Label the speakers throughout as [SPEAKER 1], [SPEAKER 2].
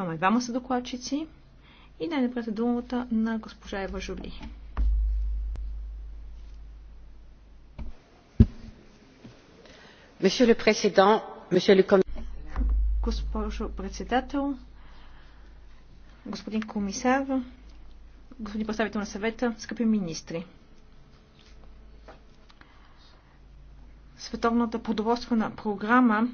[SPEAKER 1] Имаме двама са докладчици. И най-напред е думата на госпожа Ева Жули. Госпожо председател, господин комисар, господин представител на съвета, скъпи министри. Световната продоволствена програма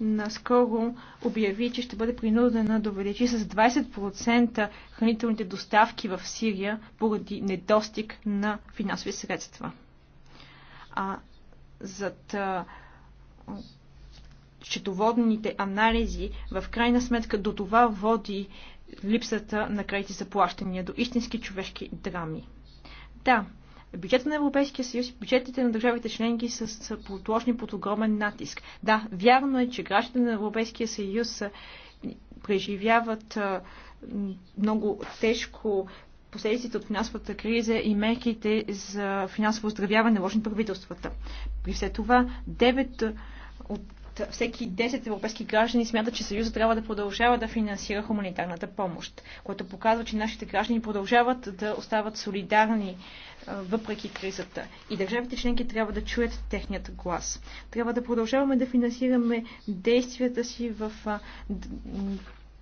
[SPEAKER 1] наскоро обяви, че ще бъде принудена да увеличи с 20% хранителните доставки в Сирия поради недостиг на финансови средства. А зад счетоводните анализи в крайна сметка до това води липсата на крайните заплащания до истински човешки драми. Да, бюджета на Европейския съюз и бюджетите на държавите членки са, са подложни под огромен натиск. Да, вярно е, че гражданите на Европейския съюз преживяват много тежко последиците от финансовата криза и мерките за финансово оздравяване на правителствата. При все това, 9 от всеки 10 европейски граждани смятат, че Съюза трябва да продължава да финансира хуманитарната помощ, което показва, че нашите граждани продължават да остават солидарни въпреки кризата. И държавите членки трябва да чуят техният глас. Трябва да продължаваме да финансираме действията си в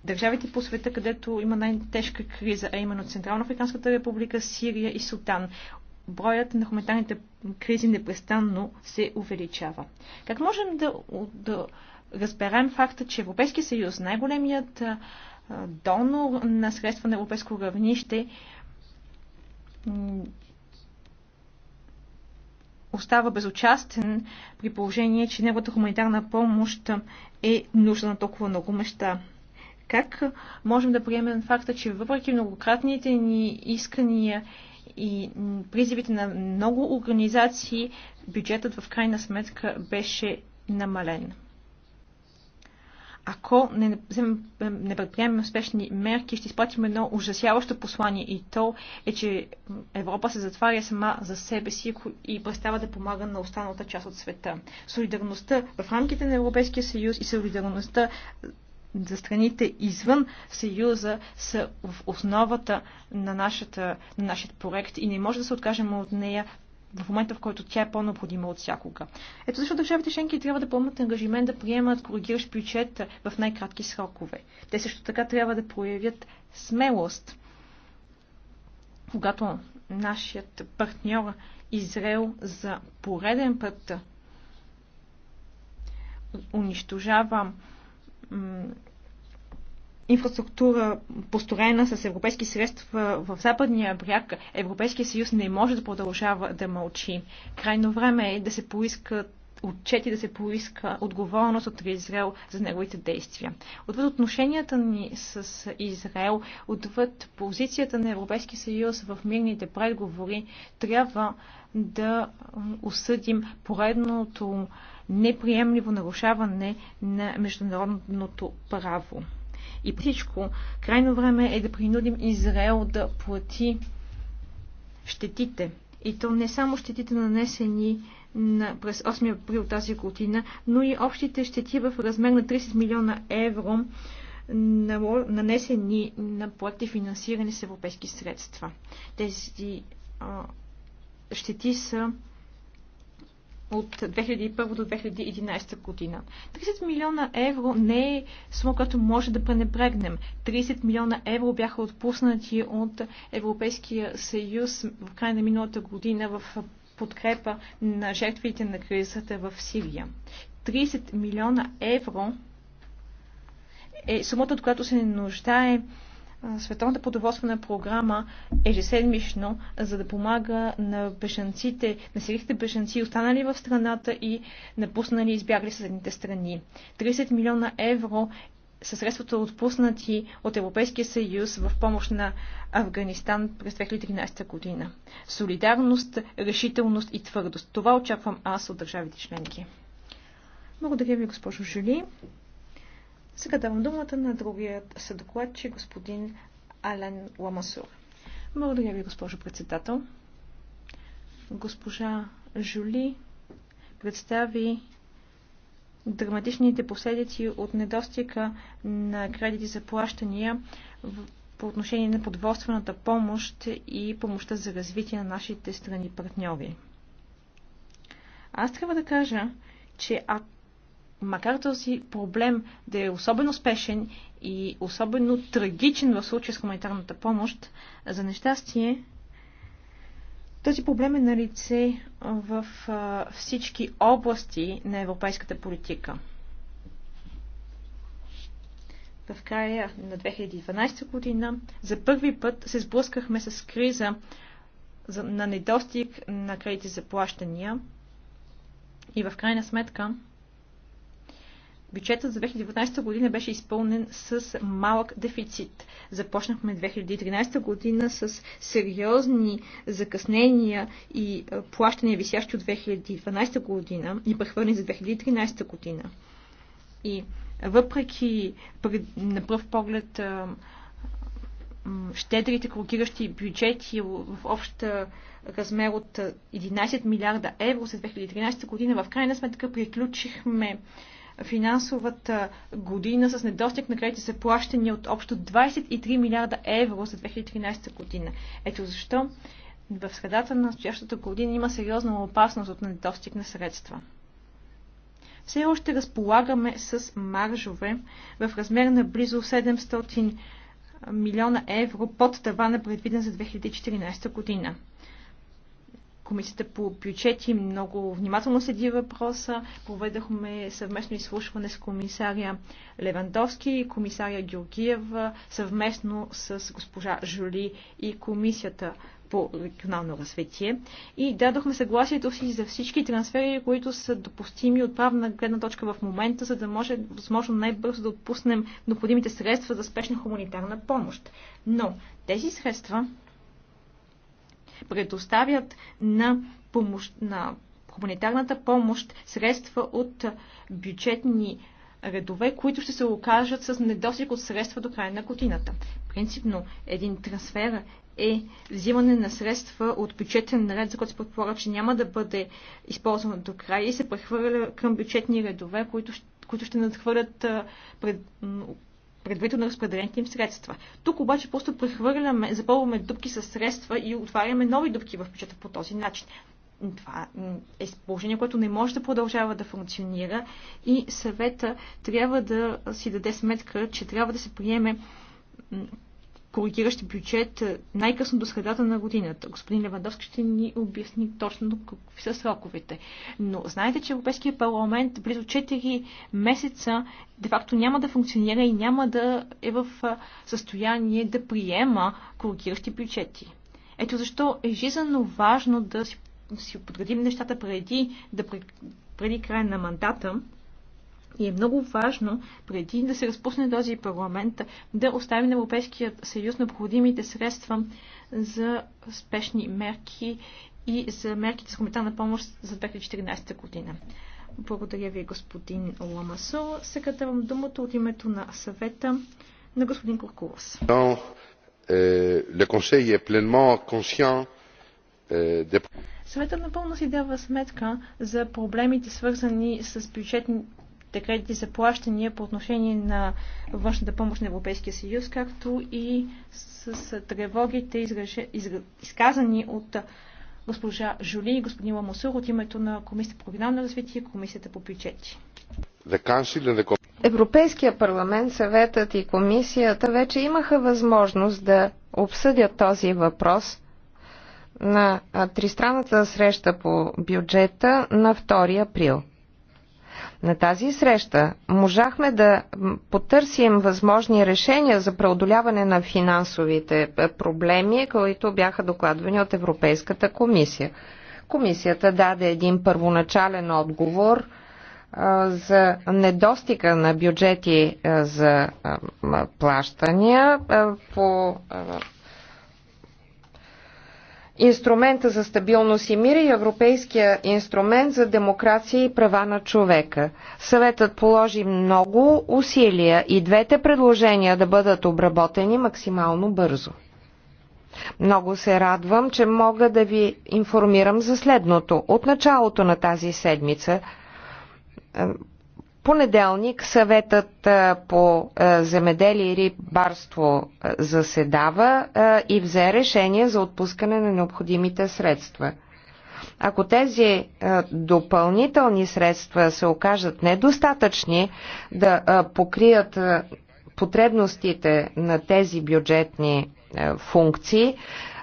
[SPEAKER 1] държавите по света, където има най-тежка криза, а именно Централно Африканската република, Сирия и Сутан броят на хуманитарните кризи непрестанно се увеличава. Как можем да, да разберем факта, че Европейския съюз, най-големият донор на средства на европейско равнище, остава безучастен при положение, че неговата хуманитарна помощ е нужна на толкова много места. Как можем да приемем факта, че въпреки многократните ни искания и призивите на много организации, бюджетът в крайна сметка беше намален. Ако не, не предприемем успешни мерки, ще изпратим едно ужасяващо послание и то е, че Европа се затваря сама за себе си и престава да помага на останалата част от света. Солидарността в рамките на Европейския съюз и солидарността за страните извън Съюза са в основата на, нашата, на нашия проект и не може да се откажем от нея в момента, в който тя е по-необходима от всякога. Ето защо държавите членки трябва да поемат ангажимент да приемат коригиращ бюджет в най-кратки срокове. Те също така трябва да проявят смелост, когато нашият партньор Израел за пореден път унищожава инфраструктура, построена с европейски средства в западния бряг, Европейския съюз не може да продължава да мълчи. Крайно време е да се поискат отчети да се поиска отговорност от Израел за неговите действия. Отвъд отношенията ни с Израел, отвъд позицията на Европейския съюз в мирните преговори, трябва да осъдим поредното неприемливо нарушаване на международното право. И всичко, крайно време е да принудим Израел да плати щетите. И то не само щетите нанесени на, през 8 април тази година, но и общите щети в размер на 30 милиона евро, нанесени на проекти финансирани с европейски средства. Тези а, щети са от 2001 до 2011 година. 30 милиона евро не е сума, която може да пренебрегнем. 30 милиона евро бяха отпуснати от Европейския съюз в края на миналата година в подкрепа на жертвите на кризата в Сирия. 30 милиона евро е сумата, от която се нуждае Световната продоволствена програма ежеседмично, за да помага на бешенците, на сирийските бешенци, останали в страната и напуснали и избягали съседните страни. 30 милиона евро са средствата отпуснати от Европейския съюз в помощ на Афганистан през 2013 година. Солидарност, решителност и твърдост. Това очаквам аз от държавите членки. Благодаря ви, госпожо Жули. Сега давам думата на другият съдокладчик, господин Ален Ламасур. Благодаря ви, госпожо председател. Госпожа Жули представи драматичните последици от недостига на кредити за плащания по отношение на подводствената помощ и помощта за развитие на нашите страни партньори. Аз трябва да кажа, че ако макар този проблем да е особено спешен и особено трагичен в случая с хуманитарната помощ, за нещастие този проблем е на лице в всички области на европейската политика. В края на 2012 година за първи път се сблъскахме с криза на недостиг на кредити за плащания и в крайна сметка бюджетът за 2019 година беше изпълнен с малък дефицит. Започнахме 2013 година с сериозни закъснения и плащания висящи от 2012 година и прехвърлени за 2013 година. И въпреки на пръв поглед щедрите коригиращи бюджети в обща размер от 11 милиарда евро за 2013 година, в крайна сметка приключихме финансовата година с недостиг на кредити са плащани от общо 23 милиарда евро за 2013 година. Ето защо в средата на настоящата година има сериозна опасност от недостиг на средства. Все още разполагаме с маржове в размер на близо 700 милиона евро под тавана предвиден за 2014 година. Комисията по бюджети много внимателно следи въпроса. Проведахме съвместно изслушване с комисаря Левандовски и комисаря Георгиева, съвместно с госпожа Жули и комисията по регионално развитие и дадохме съгласието си за всички трансфери, които са допустими от правна гледна точка в момента, за да може възможно най-бързо да отпуснем необходимите средства за спешна хуманитарна помощ. Но тези средства предоставят на, помощ, на хуманитарната помощ средства от бюджетни редове, които ще се окажат с недостиг от средства до края на годината. Принципно, един трансфер е взимане на средства от бюджетен ред, за който се предполага, че няма да бъде използвано до края и се прехвърля към бюджетни редове, които, които ще надхвърлят пред, предварително разпределените им средства. Тук обаче просто прехвърляме, запълваме дупки с средства и отваряме нови дупки в бюджета по този начин. Това е положение, което не може да продължава да функционира и съвета трябва да си даде сметка, че трябва да се приеме Коригиращи бюджет е, най-късно до средата на годината. Господин Левандовски ще ни обясни точно какви са сроковете. Но знаете, че Европейския парламент близо 4 месеца де-факто няма да функционира и няма да е в състояние да приема коригиращи бюджети. Ето защо е жизненно важно да си, си нещата преди, да, преди края на мандата, и е много важно, преди да се разпусне този парламент, да остави на Европейският съюз необходимите средства за спешни мерки и за мерките с хуманитарна помощ за 2014 година. Благодаря ви, господин Ламасо. Сега давам думата от името на съвета на господин Куркулас.
[SPEAKER 2] Е, е,
[SPEAKER 1] Съветът напълно си дава сметка за проблемите, свързани с бюджетни те кредити за плащания по отношение на външната помощ на Европейския съюз, както и с, с тревогите, изказани от госпожа Жули и господин Ламасур от името на Комисията по регионално развитие и Комисията по бюджети.
[SPEAKER 2] Европейския парламент, съветът и комисията вече имаха възможност да обсъдят този въпрос на тристранната среща по бюджета на 2 април. На тази среща можахме да потърсим възможни решения за преодоляване на финансовите е, проблеми, които бяха докладвани от Европейската комисия. Комисията даде един първоначален отговор е, за недостига на бюджети е, за плащания по инструмента за стабилност и мир и Европейския инструмент за демокрация и права на човека. Съветът положи много усилия и двете предложения да бъдат обработени максимално бързо. Много се радвам, че мога да ви информирам за следното. От началото на тази седмица понеделник съветът по земеделие и рибарство заседава и взе решение за отпускане на необходимите средства. Ако тези допълнителни средства се окажат недостатъчни да покрият потребностите на тези бюджетни функции,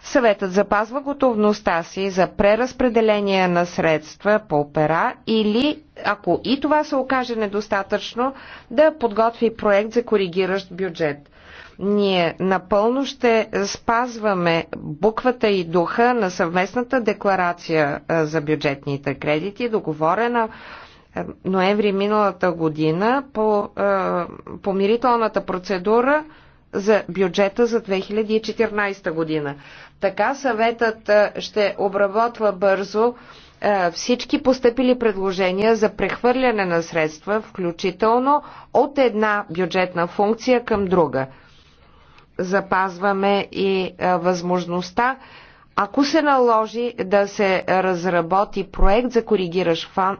[SPEAKER 2] Съветът запазва готовността си за преразпределение на средства по пера или, ако и това се окаже недостатъчно, да подготви проект за коригиращ бюджет. Ние напълно ще спазваме буквата и духа на съвместната декларация за бюджетните кредити, договорена ноември миналата година по помирителната процедура за бюджета за 2014 година. Така съветът ще обработва бързо всички постъпили предложения за прехвърляне на средства, включително от една бюджетна функция към друга. Запазваме и възможността, ако се наложи да се разработи проект за коригираш фан...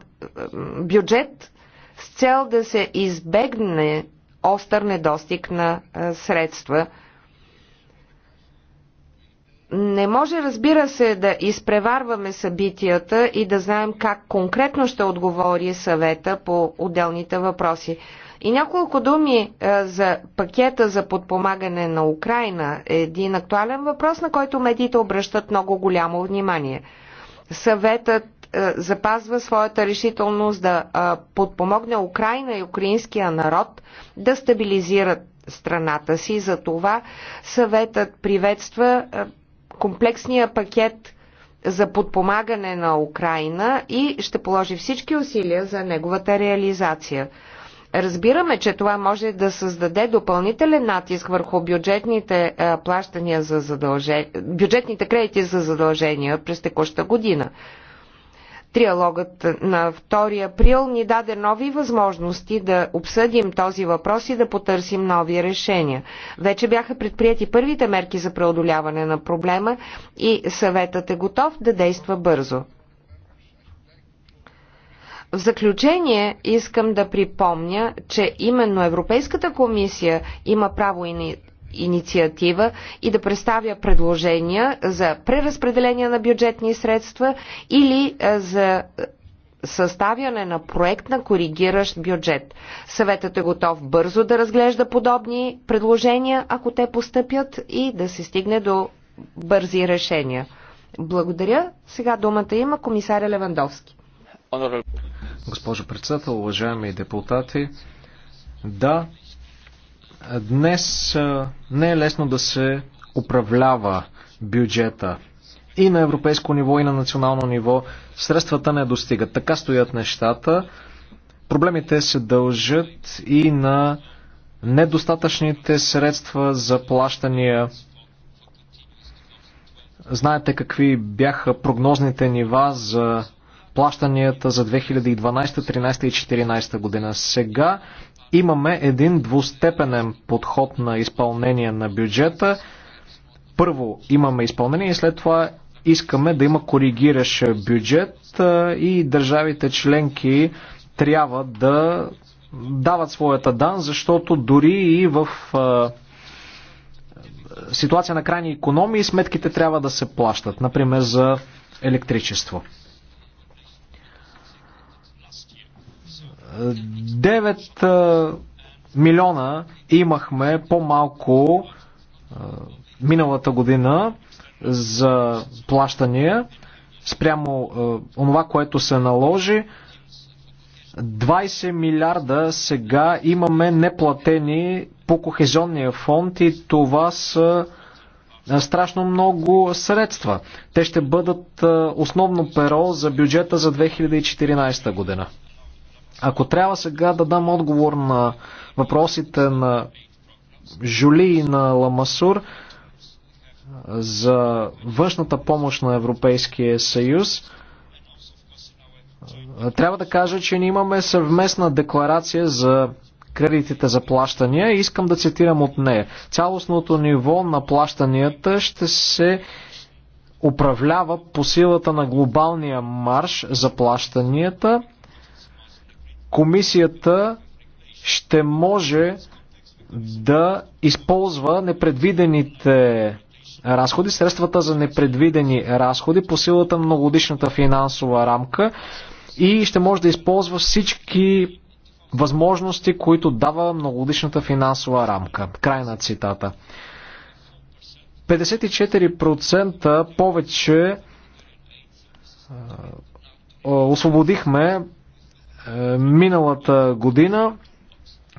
[SPEAKER 2] бюджет с цел да се избегне остър недостиг на средства – не може, разбира се, да изпреварваме събитията и да знаем как конкретно ще отговори съвета по отделните въпроси. И няколко думи е, за пакета за подпомагане на Украина е един актуален въпрос, на който медиите обръщат много голямо внимание. Съветът е, запазва своята решителност да е, подпомогне Украина и украинския народ да стабилизират страната си. За това съветът приветства комплексния пакет за подпомагане на Украина и ще положи всички усилия за неговата реализация. Разбираме, че това може да създаде допълнителен натиск върху бюджетните плащания за задължения, бюджетните кредити за задължения през текущата година. Триалогът на 2 април ни даде нови възможности да обсъдим този въпрос и да потърсим нови решения. Вече бяха предприяти първите мерки за преодоляване на проблема и съветът е готов да действа бързо. В заключение искам да припомня, че именно Европейската комисия има право и инициатива и да представя предложения за преразпределение на бюджетни средства или е, за е, съставяне на проект на коригиращ бюджет. Съветът е готов бързо да разглежда подобни предложения, ако те постъпят и да се стигне до бързи решения. Благодаря. Сега думата има комисаря Левандовски.
[SPEAKER 3] Госпожо председател, уважаеми депутати, да, Днес не е лесно да се управлява бюджета и на европейско ниво, и на национално ниво. Средствата не достигат. Така стоят нещата. Проблемите се дължат и на недостатъчните средства за плащания. Знаете какви бяха прогнозните нива за плащанията за 2012, 2013 и 2014 година. Сега имаме един двустепенен подход на изпълнение на бюджета. Първо имаме изпълнение и след това искаме да има коригиращ бюджет и държавите членки трябва да дават своята дан, защото дори и в ситуация на крайни економии сметките трябва да се плащат, например за електричество. 9 милиона имахме по-малко миналата година за плащания спрямо е, онова, което се наложи. 20 милиарда сега имаме неплатени по кохезионния фонд и това са страшно много средства. Те ще бъдат основно перо за бюджета за 2014 година. Ако трябва сега да дам отговор на въпросите на Жули и на Ламасур за външната помощ на Европейския съюз, трябва да кажа, че ние имаме съвместна декларация за кредитите за плащания и искам да цитирам от нея. Цялостното ниво на плащанията ще се управлява по силата на глобалния марш за плащанията – комисията ще може да използва непредвидените разходи, средствата за непредвидени разходи по силата на многодишната финансова рамка и ще може да използва всички възможности, които дава многодишната финансова рамка. Край на цитата. 54% повече освободихме е, миналата година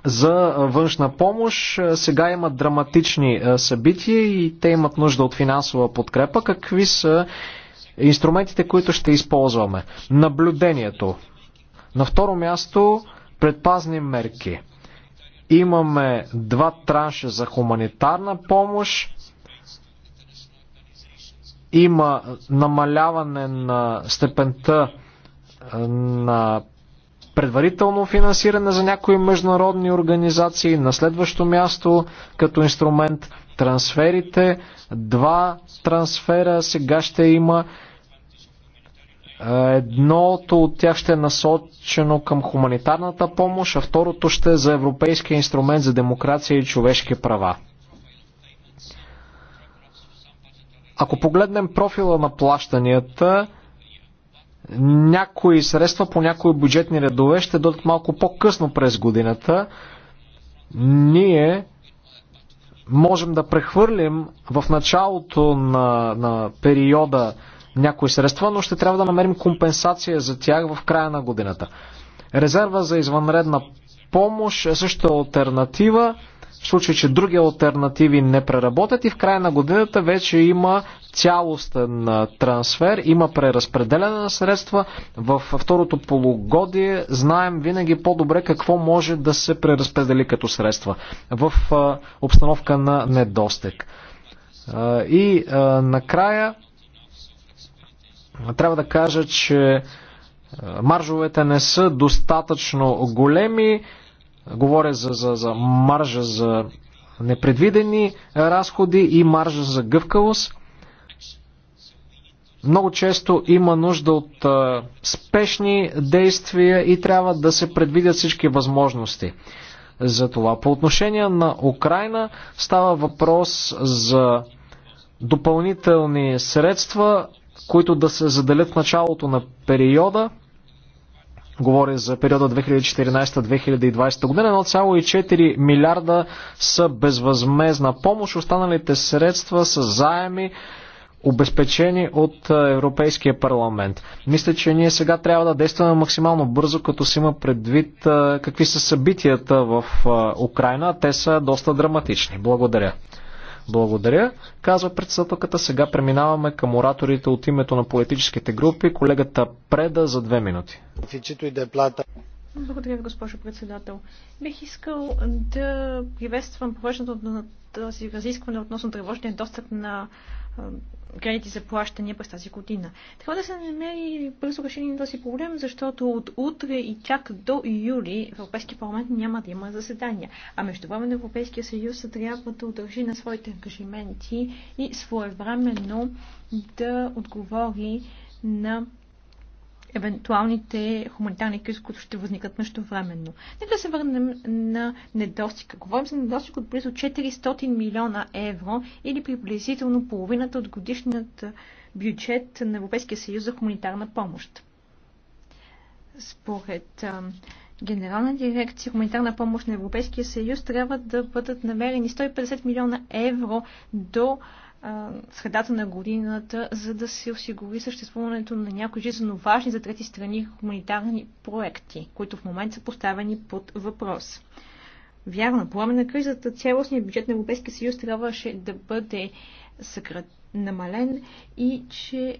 [SPEAKER 3] за външна помощ. Е, сега имат драматични е, събития и те имат нужда от финансова подкрепа. Какви са инструментите, които ще използваме? Наблюдението. На второ място предпазни мерки. Имаме два транша за хуманитарна помощ. Има намаляване на степента на предварително финансиране за някои международни организации, на следващо място като инструмент трансферите, два трансфера сега ще има, едното от тях ще е насочено към хуманитарната помощ, а второто ще е за Европейския инструмент за демокрация и човешки права. Ако погледнем профила на плащанията, някои средства по някои бюджетни редове ще дойдат малко по-късно през годината. Ние можем да прехвърлим в началото на, на периода някои средства, но ще трябва да намерим компенсация за тях в края на годината. Резерва за извънредна помощ е също альтернатива случай, че други альтернативи не преработят и в края на годината вече има цялостен трансфер, има преразпределяне на средства. В второто полугодие знаем винаги по-добре какво може да се преразпредели като средства в обстановка на недостиг. И накрая трябва да кажа, че маржовете не са достатъчно големи. Говоря за, за, за маржа за непредвидени разходи и маржа за гъвкавост. Много често има нужда от а, спешни действия и трябва да се предвидят всички възможности за това. По отношение на Украина става въпрос за допълнителни средства, които да се заделят в началото на периода Говоря за периода 2014-2020 година. 1,4 милиарда са безвъзмезна помощ. Останалите средства са заеми обезпечени от Европейския парламент. Мисля, че ние сега трябва да действаме максимално бързо, като си има предвид какви са събитията в Украина. Те са доста драматични. Благодаря. Благодаря, казва председателката. Сега преминаваме към ораторите от името на политическите групи. Колегата Преда за две минути. Благодаря ви,
[SPEAKER 1] госпожо председател. Бих искал да приветствам провеждането на тази разискване относно тревожния достъп на кредити за плащания през тази година. Трябва да се намери бързо решение на този проблем, защото от утре и чак до юли Европейския парламент няма да има заседания. А между време на Европейския съюз трябва да удържи на своите ангажименти и своевременно да отговори на евентуалните хуманитарни кризи, които ще възникат междувременно. Нека се върнем на недостига. Говорим за недостиг от близо 400 милиона евро или приблизително половината от годишният бюджет на Европейския съюз за хуманитарна помощ. Според Генерална дирекция хуманитарна помощ на Европейския съюз трябва да бъдат намерени 150 милиона евро до средата на годината, за да се осигури съществуването на някои жизненно важни за трети страни хуманитарни проекти, които в момента са поставени под въпрос. Вярно, по време на кризата цялостният бюджет на Европейския съюз трябваше да бъде съкратен намален и че е,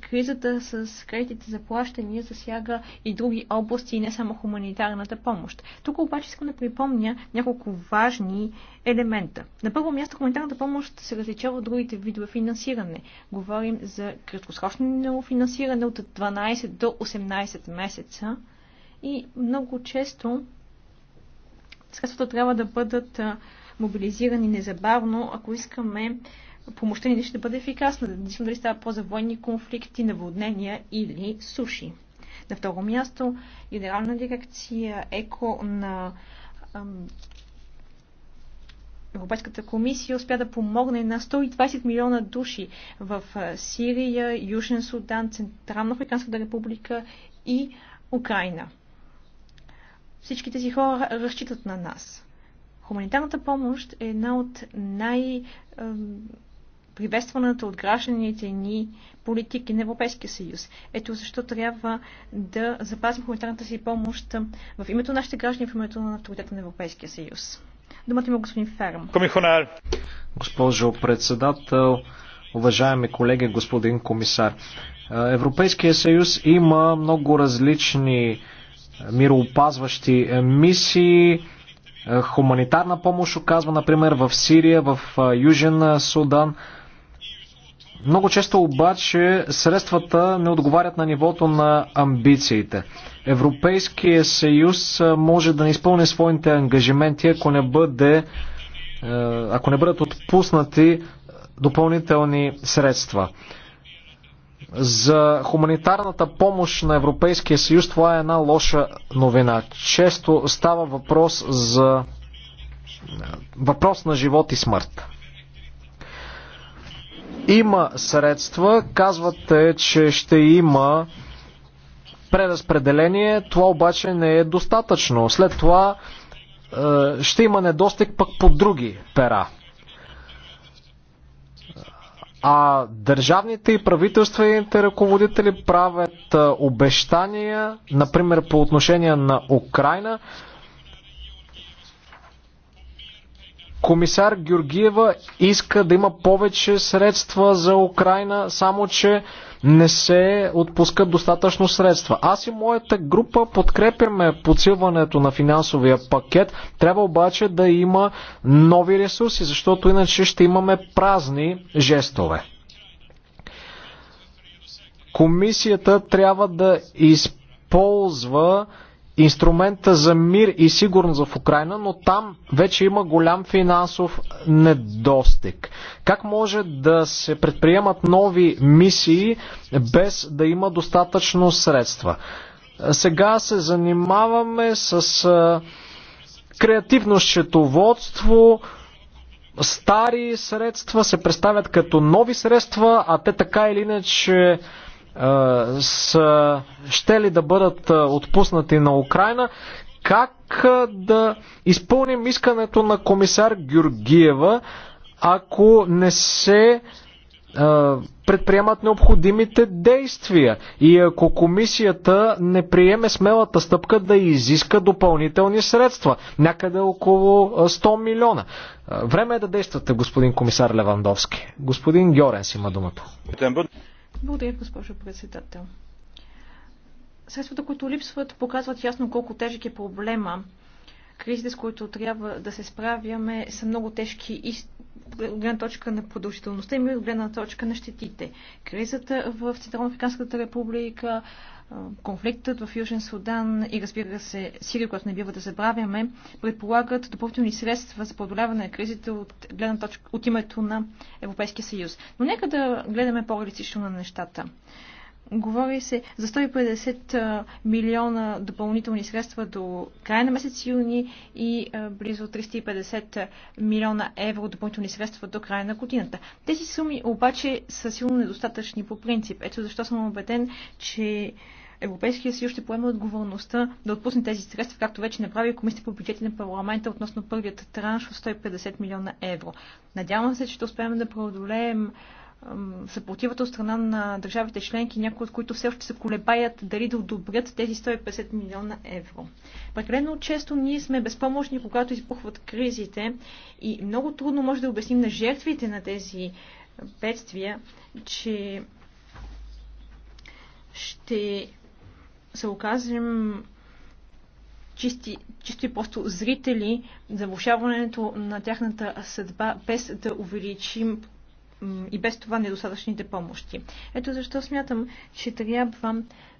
[SPEAKER 1] кризата с кредитите за плащания засяга и други области, и не само хуманитарната помощ. Тук обаче искам да припомня няколко важни елемента. На първо място хуманитарната помощ се различава от другите видове финансиране. Говорим за краткосрочно финансиране от 12 до 18 месеца и много често средствата трябва да бъдат е, мобилизирани незабавно, ако искаме е, помощта ни ще бъде ефикасна, независимо дали става по-за военни конфликти, наводнения или суши. На второ място, Генерална дирекция ЕКО на Европейската комисия успя да помогне на 120 милиона души в Сирия, Южен Судан, Централно Африканската република и Украина. Всички тези хора разчитат на нас. Хуманитарната помощ е една от най- приветстваната от гражданите ни политики на Европейския съюз. Ето защо трябва да запазим хуманитарната си помощ в името на нашите граждани, в името на авторитета на Европейския съюз. Думата има господин Ферм.
[SPEAKER 3] Комисионер. Госпожо председател, уважаеми колеги, господин комисар. Европейския съюз има много различни мироопазващи мисии, хуманитарна помощ оказва, например, в Сирия, в Южен Судан. Много често обаче средствата не отговарят на нивото на амбициите. Европейския съюз може да не изпълни своите ангажименти, ако не, бъде, е, ако не бъдат отпуснати допълнителни средства. За хуманитарната помощ на Европейския съюз това е една лоша новина. Често става въпрос за е, въпрос на живот и смърт. Има средства, казвате, че ще има преразпределение, това обаче не е достатъчно. След това е, ще има недостиг пък по други пера. А държавните и правителствените ръководители правят е, обещания, например по отношение на Украина, Комисар Георгиева иска да има повече средства за Украина, само че не се отпускат достатъчно средства. Аз и моята група подкрепяме подсилването на финансовия пакет. Трябва обаче да има нови ресурси, защото иначе ще имаме празни жестове. Комисията трябва да използва инструмента за мир и сигурност в Украина, но там вече има голям финансов недостиг. Как може да се предприемат нови мисии без да има достатъчно средства? Сега се занимаваме с креативно счетоводство, стари средства се представят като нови средства, а те така или иначе са ще ли да бъдат отпуснати на Украина, как да изпълним искането на комисар Георгиева, ако не се предприемат необходимите действия и ако комисията не приеме смелата стъпка да изиска допълнителни средства, някъде около 100 милиона. Време е да действате, господин комисар Левандовски. Господин Георенс има думата.
[SPEAKER 1] Благодаря, госпожо председател. Средствата, които липсват, показват ясно колко тежък е проблема. Кризите, с които трябва да се справяме, са много тежки и от гледна точка на продължителността и от гледна точка на щетите. Кризата в Централно-Африканската република, конфликтът в Южен Судан и разбира се Сирия, която не бива да забравяме, предполагат допълнителни средства за преодоляване на кризите от, гледна точка, от името на Европейския съюз. Но нека да гледаме по-реалистично на нещата. Говори се за 150 милиона допълнителни средства до края на месец юни и близо 350 милиона евро допълнителни средства до края на годината. Тези суми обаче са силно недостатъчни по принцип. Ето защо съм убеден, че Европейския съюз ще поеме отговорността да отпусне тези средства, както вече направи Комисията по бюджети на парламента относно първият транш от 150 милиона евро. Надявам се, че ще успеем да преодолеем съпротивата от страна на държавите членки, някои от които все още се колебаят дали да одобрят тези 150 милиона евро. Прекалено често ние сме безпомощни, когато избухват кризите и много трудно може да обясним на жертвите на тези бедствия, че ще се окажем чисти, чисто и просто зрители за влушаването на тяхната съдба, без да увеличим и без това недостатъчните помощи. Ето защо смятам, че трябва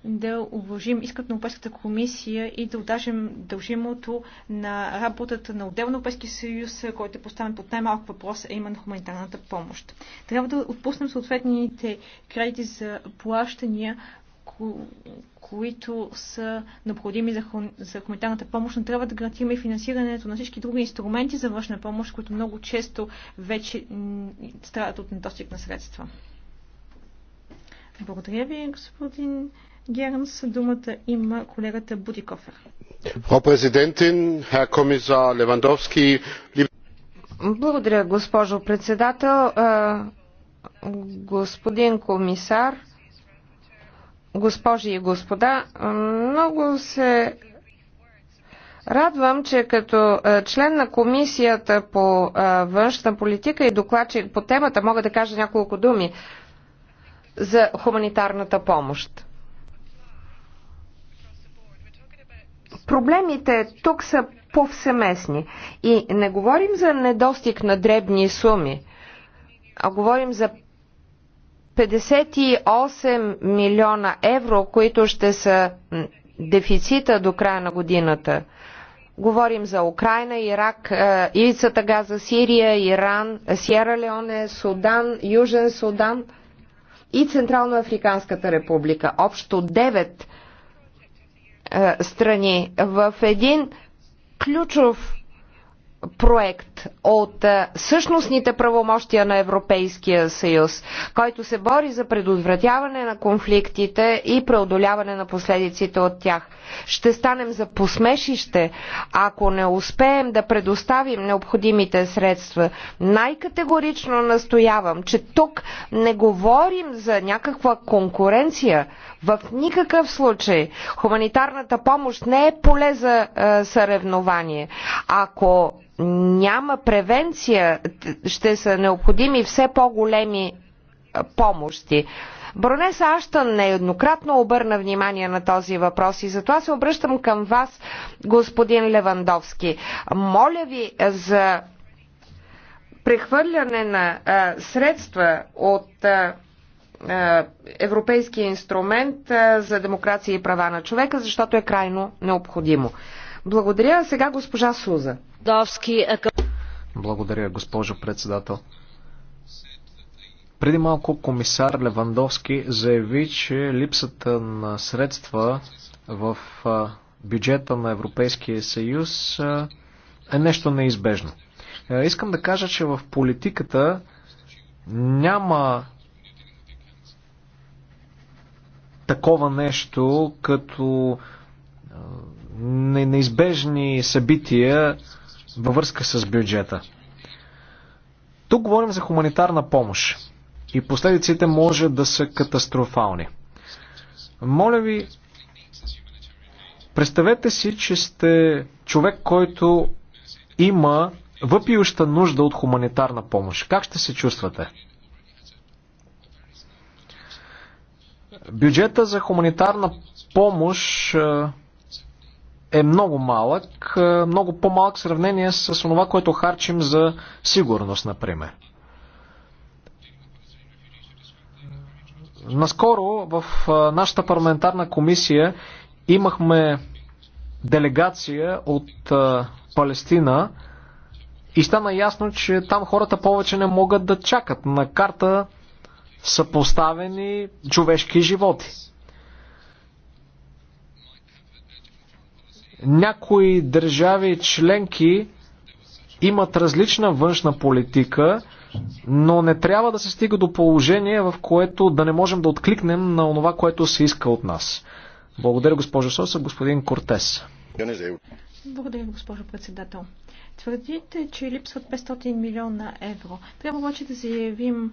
[SPEAKER 1] да уважим искат на Европейската комисия и да удажим дължимото на работата на отделно Европейски съюз, който е поставен под най-малък въпрос, а именно хуманитарната помощ. Трябва да отпуснем съответните кредити за плащания които са необходими за, хум... за хуманитарната помощ, но трябва да гарантираме финансирането на всички други инструменти за външна помощ, които много често вече страдат от недостиг на средства. Благодаря ви, господин Гернс. Думата има колегата Будикофер.
[SPEAKER 2] Благодаря, госпожо председател. Е, господин комисар, госпожи и господа, много се радвам, че като е, член на комисията по е, външна политика и докладчик по темата мога да кажа няколко думи за хуманитарната помощ. Проблемите тук са повсеместни и не говорим за недостиг на дребни суми, а говорим за 58 милиона евро, които ще са дефицита до края на годината. Говорим за Украина, Ирак, е, Ивицата Газа, Сирия, Иран, Сиера Леоне, Судан, Южен Судан и Централноафриканската република. Общо 9 е, страни в един ключов проект от е, същностните правомощия на Европейския съюз, който се бори за предотвратяване на конфликтите и преодоляване на последиците от тях. Ще станем за посмешище, ако не успеем да предоставим необходимите средства. Най-категорично настоявам, че тук не говорим за някаква конкуренция, в никакъв случай хуманитарната помощ не е поле за е, съревнование. Ако няма превенция, ще са необходими все по-големи е, помощи. Бронеса Аштън нееднократно обърна внимание на този въпрос и затова се обръщам към вас, господин Левандовски. Моля ви за прехвърляне на е, средства от е, Европейския инструмент е, за демокрация и права на човека, защото е крайно необходимо. Благодаря сега госпожа Суза. Е,
[SPEAKER 3] Благодаря, госпожо председател. Преди малко комисар Левандовски заяви, че липсата на средства в бюджета на Европейския съюз е нещо неизбежно. Искам да кажа, че в политиката няма такова нещо като неизбежни събития във връзка с бюджета. Тук говорим за хуманитарна помощ и последиците може да са катастрофални. Моля ви, представете си, че сте човек, който има въпиюща нужда от хуманитарна помощ. Как ще се чувствате? Бюджета за хуманитарна помощ е, е много малък, е, много по-малък в сравнение с това, което харчим за сигурност, например. Наскоро в е, нашата парламентарна комисия имахме делегация от Палестина и стана ясно, че там хората повече не могат да чакат. На карта са поставени човешки животи. Някои държави членки имат различна външна политика, но не трябва да се стига до положение, в което да не можем да откликнем на това, което се иска от нас. Благодаря, госпожо Соса, господин Кортес.
[SPEAKER 1] Благодаря, госпожо председател. Твърдите, че липсват 500 милиона евро. Трябва обаче да заявим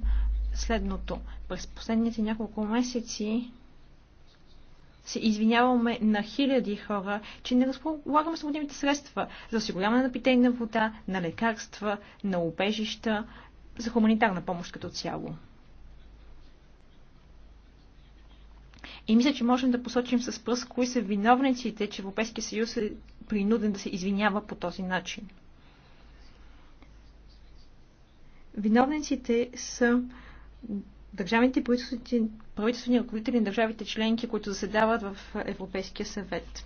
[SPEAKER 1] следното. През последните няколко месеци се извиняваме на хиляди хора, че не разполагаме с необходимите средства за осигуряване на питейна вода, на лекарства, на убежища, за хуманитарна помощ като цяло. И мисля, че можем да посочим с пръст кои са виновниците, че Европейския съюз е принуден да се извинява по този начин. Виновниците са държавните правителствени ръководители на държавите членки, които заседават в Европейския съвет.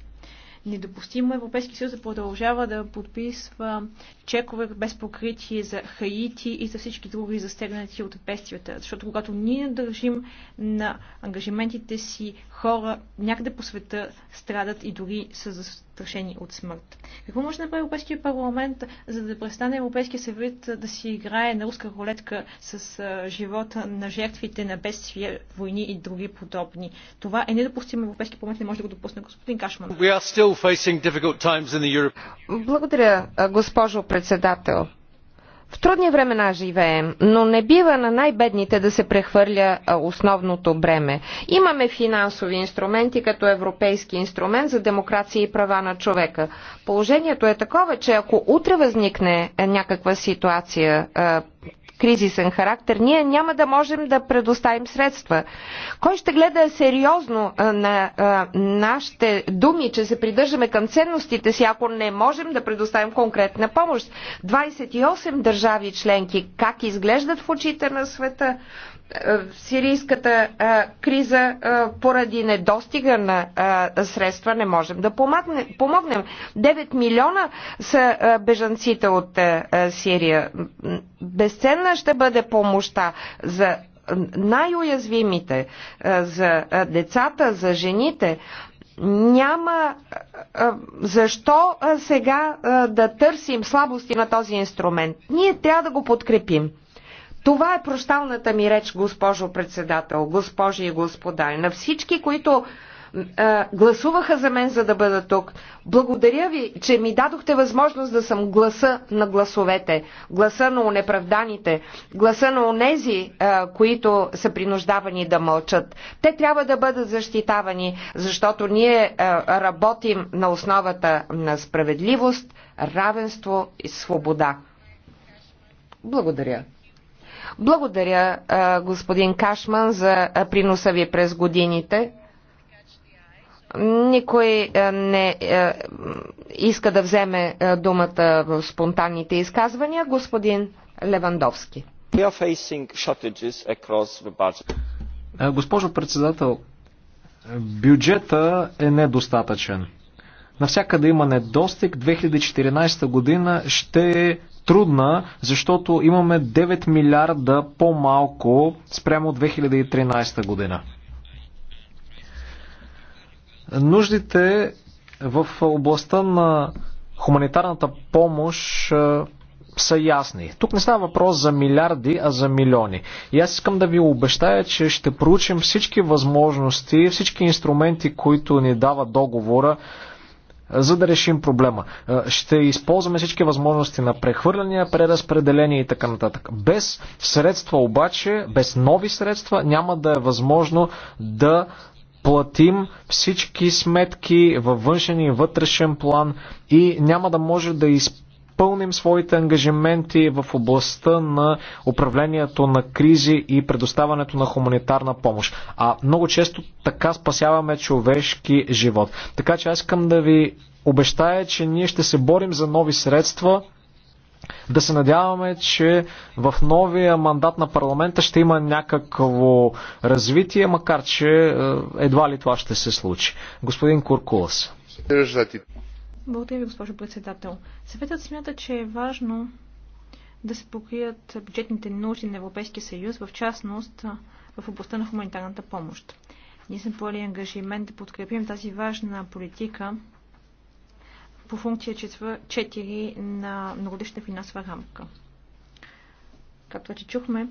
[SPEAKER 1] Недопустимо е Европейски съюз да продължава да подписва чекове без покритие за Хаити и за всички други застегнати от бедствията. Защото когато ние държим на ангажиментите си, хора някъде по света страдат и дори са застрашени от смърт. Какво може да направи Европейския парламент, за да престане Европейския съвет да си играе на руска рулетка с живота на жертвите на бедствия, войни и други подобни? Това е недопустимо. Европейския парламент не може да го допусне. Господин Кашман.
[SPEAKER 2] Благодаря, госпожо председател. В трудни времена живеем, но не бива на най-бедните да се прехвърля основното бреме. Имаме финансови инструменти, като Европейски инструмент за демокрация и права на човека. Положението е такова, че ако утре възникне е, някаква ситуация, кризисен характер, ние няма да можем да предоставим средства. Кой ще гледа сериозно на нашите думи, че се придържаме към ценностите си, ако не можем да предоставим конкретна помощ? 28 държави членки как изглеждат в очите на света? сирийската а, криза а, поради недостига на а, средства не можем да помогнем. 9 милиона са а, бежанците от а, Сирия. Безценна каква ще бъде помощта за най-уязвимите, за децата, за жените? няма защо сега да търсим слабости на този инструмент. Ние трябва да го подкрепим. Това е прощалната ми реч, госпожо председател, госпожи и господа. на всички, които гласуваха за мен, за да бъда тук. Благодаря ви, че ми дадохте възможност да съм гласа на гласовете, гласа на унеправданите, гласа на онези, които са принуждавани да мълчат. Те трябва да бъдат защитавани, защото ние работим на основата на справедливост, равенство и свобода. Благодаря. Благодаря, господин Кашман, за приноса ви през годините. Никой е, не е, иска да вземе е, думата в спонтанните изказвания. Господин Левандовски.
[SPEAKER 3] Госпожо председател, бюджета е недостатъчен. Навсякъде има недостиг. 2014 година ще е трудна, защото имаме 9 милиарда по-малко спрямо 2013 година. Нуждите в областта на хуманитарната помощ са ясни. Тук не става въпрос за милиарди, а за милиони. И аз искам да ви обещая, че ще проучим всички възможности, всички инструменти, които ни дава договора, за да решим проблема. Ще използваме всички възможности на прехвърляния, преразпределение и така нататък. Без средства обаче, без нови средства, няма да е възможно да платим всички сметки във външен и вътрешен план и няма да може да изпълним своите ангажименти в областта на управлението на кризи и предоставането на хуманитарна помощ. А много често така спасяваме човешки живот. Така че аз искам да ви обещая, че ние ще се борим за нови средства да се надяваме, че в новия мандат на парламента ще има някакво развитие, макар че е, едва ли това ще се случи. Господин Куркулас.
[SPEAKER 1] Благодаря ви, госпожо председател. Съветът смята, че е важно да се покрият бюджетните нужди на Европейския съюз, в частност в областта на хуманитарната помощ. Ние сме поели ангажимент да подкрепим тази важна политика по функция 4 на многодишна финансова рамка. Както вече чухме,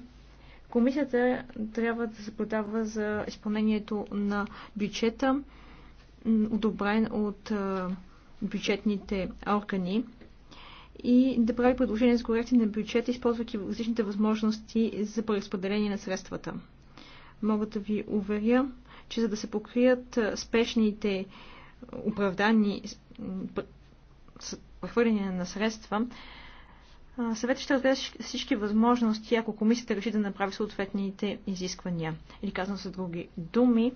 [SPEAKER 1] комисията трябва да съблюдава за изпълнението на бюджета, одобрен от бюджетните органи и да прави предложения за корекция на бюджета, използвайки различните възможности за преразпределение на средствата. Мога да ви уверя, че за да се покрият спешните оправдани прехвърляне на средства, съветът ще разгледа всички възможности, ако комисията реши да направи съответните изисквания. Или казвам с други думи,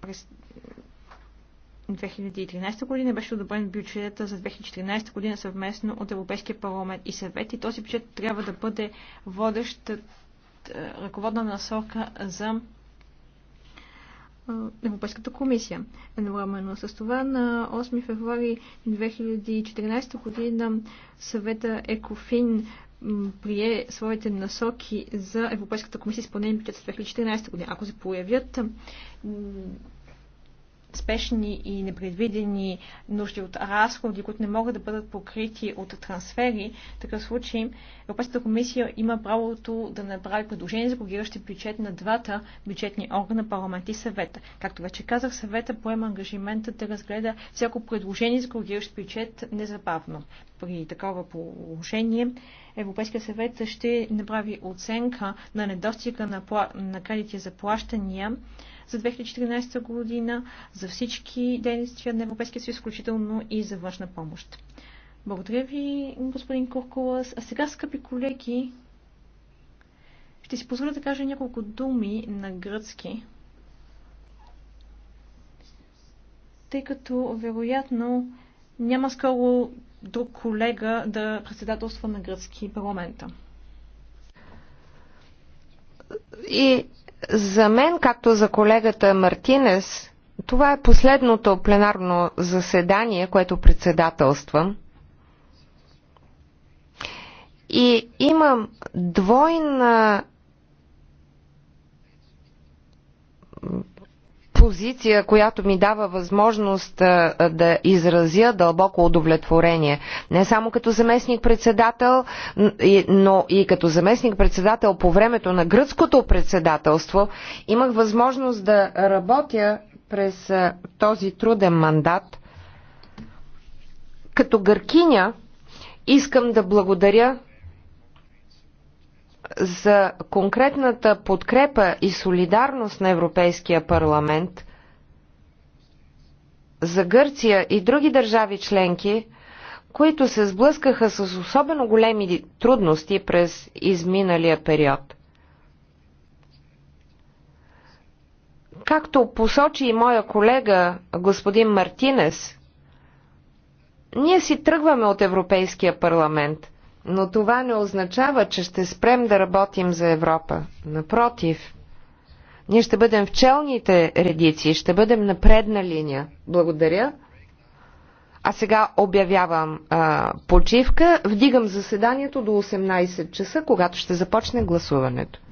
[SPEAKER 1] през 2013 година беше одобрен бюджета за 2014 година съвместно от Европейския парламент и съвет и този бюджет трябва да бъде водещ ръководна насока за Европейската комисия. Едновременно с това на 8 февруари 2014 година съвета ЕКОФИН прие своите насоки за Европейската комисия изпълнение бюджет за 2014 година. Ако се появят спешни и непредвидени нужди от разходи, които не могат да бъдат покрити от трансфери, в такъв случай Европейската комисия има правото да направи предложение за коригиращи бюджет на двата бюджетни органа, парламент и съвета. Както вече казах, съвета поема ангажимента да разгледа всяко предложение за коригиращ бюджет незабавно. При такова положение Европейския съвет ще направи оценка на недостига на, на кредити за плащания за 2014 година за всички действия на Европейския съюз, включително и за външна помощ. Благодаря ви, господин Куркулас. А сега, скъпи колеги, ще си позволя да кажа няколко думи на гръцки, тъй като вероятно няма скоро друг колега да председателства на гръцки парламента.
[SPEAKER 2] И за мен, както за колегата Мартинес, това е последното пленарно заседание, което председателствам. И имам двойна позиция, която ми дава възможност да изразя дълбоко удовлетворение. Не само като заместник-председател, но и като заместник-председател по времето на гръцкото председателство имах възможност да работя през този труден мандат. Като гъркиня искам да благодаря за конкретната подкрепа и солидарност на Европейския парламент за Гърция и други държави членки, които се сблъскаха с особено големи трудности през изминалия период. Както посочи и моя колега господин Мартинес, ние си тръгваме от Европейския парламент – но това не означава, че ще спрем да работим за Европа. Напротив, ние ще бъдем в челните редици, ще бъдем на предна линия. Благодаря. А сега обявявам а, почивка. Вдигам заседанието до 18 часа, когато ще започне гласуването.